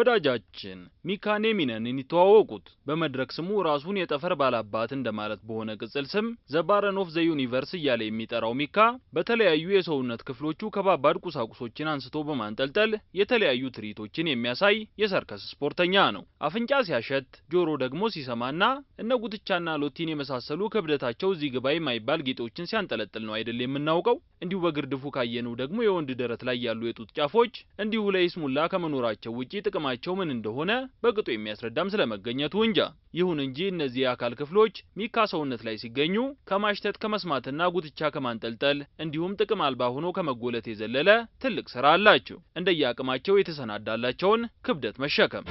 ወዳጃችን ሚካኔ ሚነንን ይተዋወቁት። በመድረክ ስሙ ራሱን የጠፈር ባላባት እንደማለት በሆነ ቅጽል ስም ዘባረን ኦፍ ዘ ዩኒቨርስ እያለ የሚጠራው ሚካ በተለያዩ የሰውነት ክፍሎቹ ከባባድ ቁሳቁሶችን አንስቶ በማንጠልጠል የተለያዩ ትርኢቶችን የሚያሳይ የሰርከስ ስፖርተኛ ነው። አፍንጫ ሲያሸት፣ ጆሮ ደግሞ ሲሰማና እነ ጉትቻና ሎቲን የመሳሰሉ ክብደታቸው እዚህ ግባ የማይባል ጌጦችን ሲያንጠለጥል ነው አይደል የምናውቀው። እንዲሁ በግርድፉ ካየነው ደግሞ የወንድ ደረት ላይ ያሉ የጡት ጫፎች እንዲሁ ለይስሙላ ከመኖራቸው ውጪ ጥቅማ ጥቅማቸው ምን እንደሆነ በቅጡ የሚያስረዳም ስለመገኘቱ እንጃ። ይሁን እንጂ እነዚህ የአካል ክፍሎች ሚካ ሰውነት ላይ ሲገኙ ከማሽተት ከመስማትና ጉትቻ ከማንጠልጠል እንዲሁም ጥቅም አልባ ሆኖ ከመጎለት የዘለለ ትልቅ ስራ አላቸው። እንደየአቅማቸው የተሰናዳላቸውን ክብደት መሸከም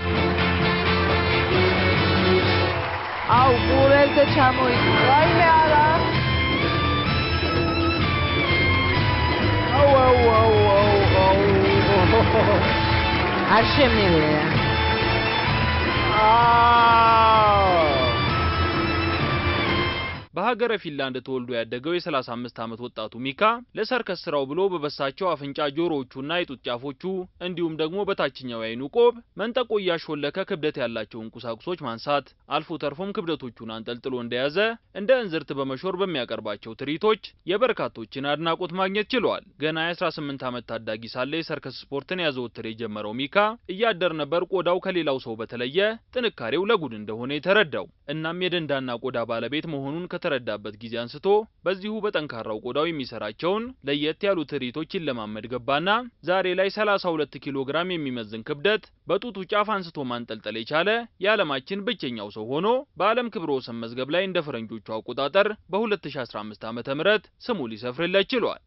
አው Hashem Nivea. Oh. በሀገረ ፊንላንድ ተወልዶ ያደገው የ35 ዓመት ወጣቱ ሚካ ለሰርከስ ስራው ብሎ በበሳቸው አፍንጫ ጆሮዎቹና የጡት ጫፎቹ እንዲሁም ደግሞ በታችኛው የአይኑ ቆብ መንጠቆ እያሾለከ ክብደት ያላቸውን ቁሳቁሶች ማንሳት አልፎ ተርፎም ክብደቶቹን አንጠልጥሎ እንደያዘ እንደ እንዝርት በመሾር በሚያቀርባቸው ትርኢቶች የበርካቶችን አድናቆት ማግኘት ችሏል። ገና የ18 ዓመት ታዳጊ ሳለ የሰርከስ ስፖርትን ያዘወትር የጀመረው ሚካ እያደር ነበር ቆዳው ከሌላው ሰው በተለየ ጥንካሬው ለጉድ እንደሆነ የተረዳው። እናም የደንዳና ቆዳ ባለቤት መሆኑን ከተረ ከተረዳበት ጊዜ አንስቶ በዚሁ በጠንካራው ቆዳው የሚሰራቸውን ለየት ያሉ ትርኢቶችን ለማመድ ገባና ዛሬ ላይ 32 ኪሎ ግራም የሚመዝን ክብደት በጡቱ ጫፍ አንስቶ ማንጠልጠል የቻለ የዓለማችን ብቸኛው ሰው ሆኖ በዓለም ክብረ ወሰን መዝገብ ላይ እንደ ፈረንጆቹ አቆጣጠር በ2015 ዓ.ም ስሙ ሊሰፍርለት ችሏል።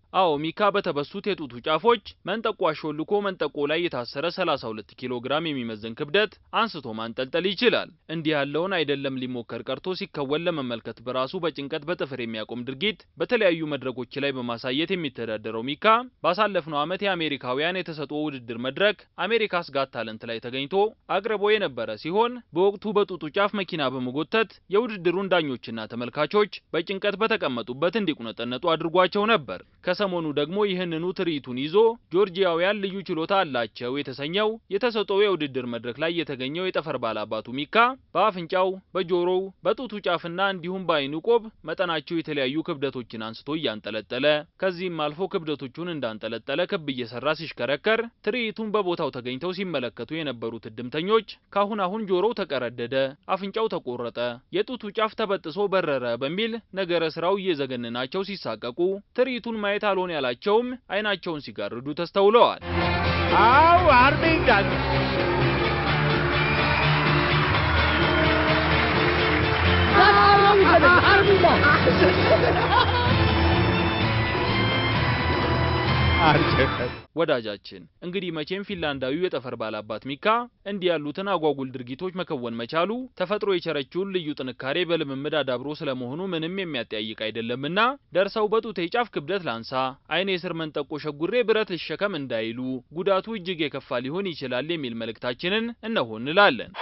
ሚካ በተበሱት የጡቱ ጫፎች መንጠቆ አሾልኮ መንጠቆ ላይ የታሰረ 32 ኪሎ ግራም የሚመዘን ክብደት አንስቶ ማንጠልጠል ይችላል። እንዲህ ያለውን አይደለም ሊሞከር ቀርቶ ሲከወን ለመመልከት በራሱ በጭንቀት በጥፍር የሚያቆም ድርጊት በተለያዩ መድረኮች ላይ በማሳየት የሚተዳደረው ሚካ ባሳለፍነው ዓመት የአሜሪካውያን የተሰጥኦ ውድድር መድረክ አሜሪካስ ጋት ታለንት ላይ ተገኝቶ አቅርቦ የነበረ ሲሆን በወቅቱ በጡጡ ጫፍ መኪና በመጎተት የውድድሩን ዳኞችና ተመልካቾች በጭንቀት በተቀመጡበት እንዲቁነጠነጡ አድርጓቸው ነበር። ከሰሞኑ ደግሞ ይህንኑ ትርኢቱን ይዞ ጆርጂያውያን ልዩ ችሎታ አላቸው የተሰኘው የተሰጠው የውድድር መድረክ ላይ የተገኘው የጠፈር ባላባቱ ሚካ በአፍንጫው፣ በጆሮው፣ በጡቱ ጫፍና እንዲሁም በአይኑ ቆብ መጠናቸው የተለያዩ ክብደቶችን አንስቶ እያንጠለጠለ ከዚህም አልፎ ክብደቶቹን እንዳንጠለጠለ ክብ እየሰራ ሲሽከረከር ትርኢቱን በቦታው ተገኝተው ሲመለከቱ የነበሩት እድምተኞች ካሁን አሁን ጆሮው ተቀረደደ፣ አፍንጫው ተቆረጠ፣ የጡቱ ጫፍ ተበጥሶ በረረ በሚል ነገረ ስራው እየዘገንናቸው ሲሳቀቁ ትርኢቱን ማየት አልሆን ያላቸውም አይናቸውን ሲጋርዱ ተስተውለዋል። አው አርሜንጋ አርሜንጋ ወዳጃችን እንግዲህ መቼም ፊንላንዳዊው የጠፈር ባላባት ሚካ እንዲህ ያሉትን አጓጉል ድርጊቶች መከወን መቻሉ ተፈጥሮ የቸረችውን ልዩ ጥንካሬ በልምምድ አዳብሮ ስለመሆኑ ምንም የሚያጠያይቅ አይደለምና ደርሰው በጡቴ ጫፍ ክብደት ላንሳ፣ አይኔ ስር መንጠቆ ሸጉሬ ብረት ልሸከም እንዳይሉ ጉዳቱ እጅግ የከፋ ሊሆን ይችላል የሚል መልእክታችንን እነሆ እንላለን።